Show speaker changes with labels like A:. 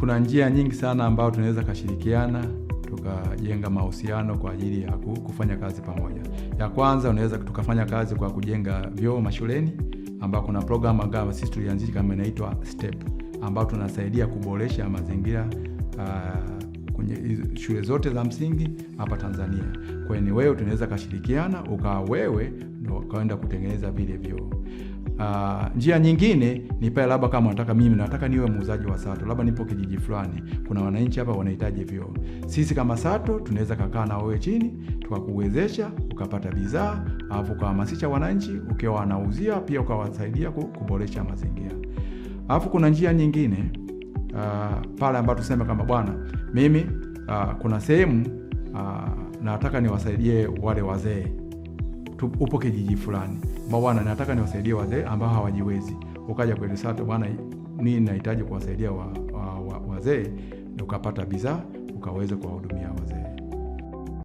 A: kuna njia nyingi sana ambayo tunaweza kashirikiana tukajenga mahusiano kwa ajili ya kufanya kazi pamoja. Ya kwanza unaweza tukafanya kazi kwa kujenga vyoo mashuleni, ambao kuna programu ambayo sisi tulianzisha kama inaitwa STEP, ambao tunasaidia kuboresha mazingira uh, kwenye shule zote za msingi hapa Tanzania. Kwa hiyo ni wewe tunaweza kashirikiana ukawa wewe ndo kaenda kutengeneza vile vyoo. Uh, njia nyingine ni pale labda kama nataka mimi nataka niwe muuzaji wa sato, labda nipo kijiji fulani, kuna wananchi hapa wanahitaji vyoo. Sisi kama sato tunaweza kakaa na wewe chini tukakuwezesha ukapata bidhaa, alafu ukahamasisha wananchi ukiwa wanauzia, pia ukawasaidia kuboresha mazingira. Alafu kuna njia nyingine Ah, pale ambapo tuseme kama bwana, mimi uh, kuna sehemu uh, nataka niwasaidie wale wazee, upo kijiji fulani, bwana, nataka niwasaidie wazee ambao hawajiwezi, ukaja kwa Lusato, bwana, nini nahitaji kuwasaidia wazee wa, wa, wa, ukapata bidhaa ukaweze kuwahudumia wazee.